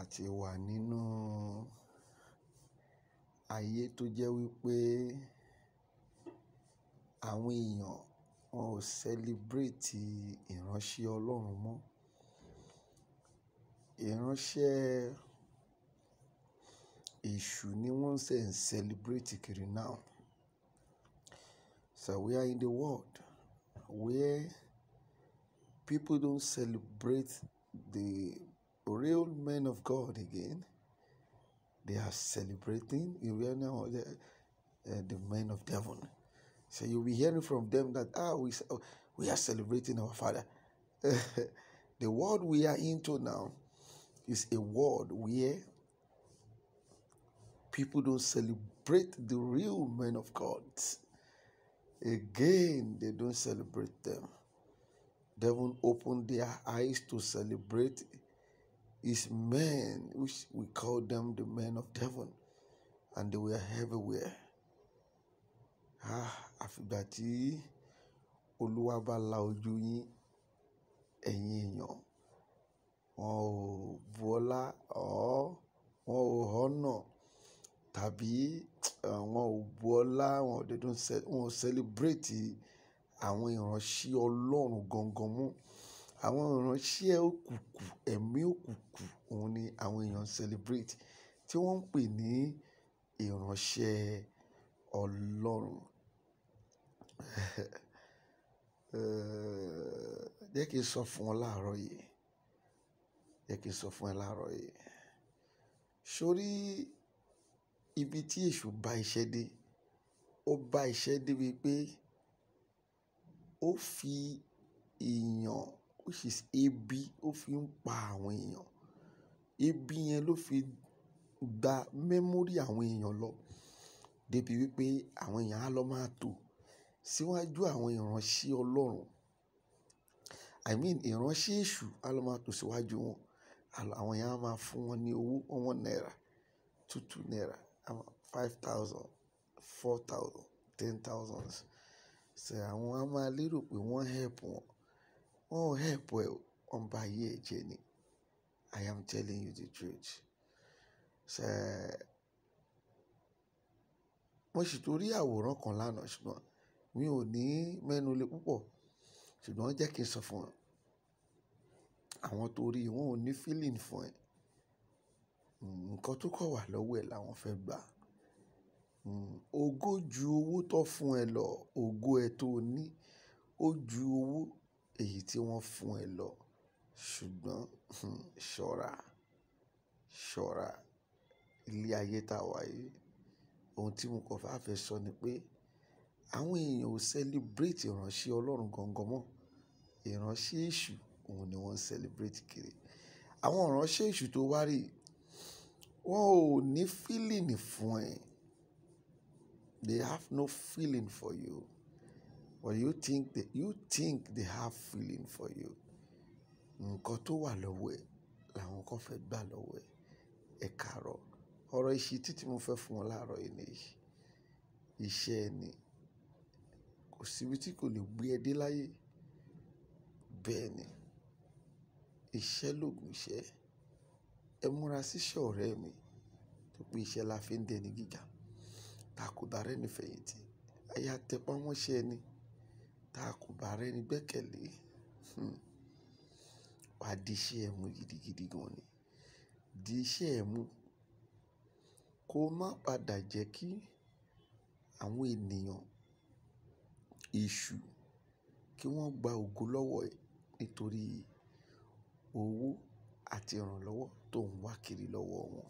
àti wà nínú ayé tó jẹ́ wípé àwọn èèyàn wọn ò celebrate ìránṣẹ́ Ọlọ́run mọ́. Ìránṣẹ́ èṣù ni wọ́n ṣẹ̀ ń celebrate kiri now. So we are in the world where people don't celebrate the real men of God again. They are celebrating. You are now uh, the, uh, the men of Devon. So you'll be hearing from them that ah we oh, we are celebrating our Father. the world we are into now is a world where people don't celebrate the real men of God. Again, they don't celebrate them. They won't open their eyes to celebrate Is men, which we call them the men of Devon, and they were everywhere. Ah, àfìgbà tí Olúwa bá la ojú yín ẹ̀yin èèyàn wọn ò bu ọlá ọ́ wọn ò họ́nà tàbí eh, wọn ò bu ọlá wọn ò dédún wọn ò celebrate àwọn ìránṣẹ́ Ọlọ́run gangan mú. Àwọn ìránṣẹ́ òkùnkùn, ẹ̀mí òkùnkùn, òun ni àwọn èèyàn celebrate tí wọ́n ń pè ní ìránṣẹ́ Ọlọ́run. Eh, jẹ́ kí n sọ fún ọ láàárọ̀ yìí, jẹ́ kí n sọ fún ẹ láàárọ̀ yìí. Sórí ibi tí èṣù bá iṣẹ́ dé, ó bá iṣẹ́ dé wípé ó fi èèyàn which is ebi ó fi ń pa àwọn èèyàn ebi yẹn ló fi gba memory àwọn èèyàn lọ débi wípé àwọn èèyàn á lọ máa tò síwájú àwọn ìránṣẹ́ Ọlọ́run I mean ìránṣẹ́ èṣù á lọ máa tò síwájú wọn àwọn èèyàn á máa fún wọn ní owó one naira two two five thousand four thousand ten thousand ṣe àwọn á máa lérò pé wọ́n help wọn wọn oh, ò help well, wọn bá ayé ẹ ni i am telling you the truth ṣe mo sì tún rí àwòrán kan lánàá ṣùgbọ́n mi ò ní mẹ́nu lé púpọ̀ ṣùgbọ́n jẹ́ kí n sọ fún ọ àwọn tó rí wọn ò ní feeling fún ẹ nǹkan tó kọ̀ wà lọ́wọ́ ẹ làwọn fẹ́ gbà ògo ju owó tó fún ẹ lọ ògo ẹ tó ní ó owó èyí tí wọ́n fún ẹ lọ ṣùgbọ́n hmm, ṣọ́ra ṣọ́ra ilé ayé tá a wà yìí ohun tí mo kàn fẹ́ sọ ni pé àwọn èèyàn ò celebrate ìránṣẹ́ ọlọ́run gangan mọ́ ìránṣẹ́ èṣù òun ni wọ́n ń celebrate kiri àwọn ìránṣẹ́ èṣù tó wá rí wọn ò ní feeling fún ẹ they have no feeling for you but you think they, you think they have feeling for you nǹkan tó wà lọ́wọ́ ẹ̀ làwọn kan fẹ́ gbà lọ́wọ́ ẹ̀ ẹ̀ kàárọ̀ ọ̀rọ̀ ìṣe títí mo fẹ́ fún wọn láàárọ̀ yìí nìyí iṣẹ́ ẹni kò síbi tí kò lè gbé ẹ dé láyé bẹ́ẹ̀ ni iṣẹ́ lògùn iṣẹ́ ẹ múra síṣẹ́ ọ̀rẹ́ mi tó pé iṣẹ́ la fi ń dẹni gíga takò dára ẹni fẹ̀yìntì ẹ̀yà tẹpá mọ́ṣẹ́ ẹni. Tá kò bá rẹ́ni gbẹ́kẹ̀lé, hmm, wàá di iṣẹ́ ẹ mú gidigidi gan ni. Di iṣẹ́ ẹ mú. Kó má padà jẹ́ kí àwọn ènìyàn èṣù kí wọ́n gba ògo lọ́wọ́ ẹ nítorí owó àti ìrànlọ́wọ́ tó ń wá kiri lọ́wọ́ wọn.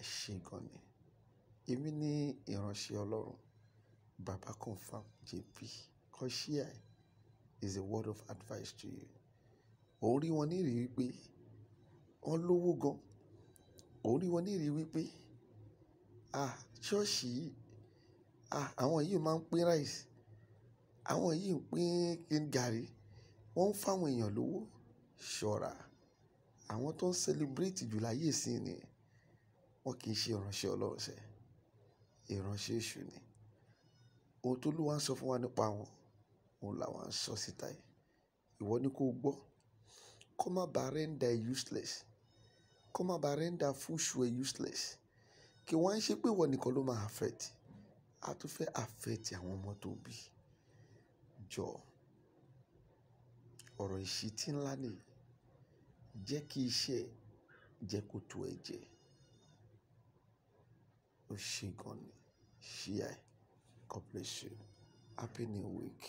Ẹ ṣe gan ni. Èmi ni ìránṣẹ́ Ọlọ́run, Baba confirm JP kọ́kọ́ is a word of advice to you. Òun rí wọn nírìí wípé wọ́n lówó gan. Òun rí wọn nírìí wípé ah ṣọ́ọ̀ṣì yìí ah àwọn yìí máa ń pín rice àwọn yìí ń pín gàrí wọ́n ń fáwọn èèyàn lówó ṣọ́ra àwọn tó ń celebrate jùláyé sí ni wọn kì í ṣe ìránṣẹ́ Ọlọ́run ṣe ìránṣẹ́ èṣù ni ohun tó ló wá ń sọ fún wa nípa wọn òun làwọn ń sọ síta yìí ìwọ ni kó gbọ́ kó má bàa rẹ́ńdà useless kó má bàa rẹ́ńdà fúnṣùwẹ̀ useless kí wọ́n á ṣe pé ìwọ nìkan ló máa affect a tún fẹ́ affect àwọn ọmọ tó bí jọ ọ̀rọ̀ ìṣítí ńlá nìyí jẹ́ kí iṣẹ́ jẹ́ kó tó ẹ jẹ́ ó ṣe gan ni ṣíà God bless you happy new week.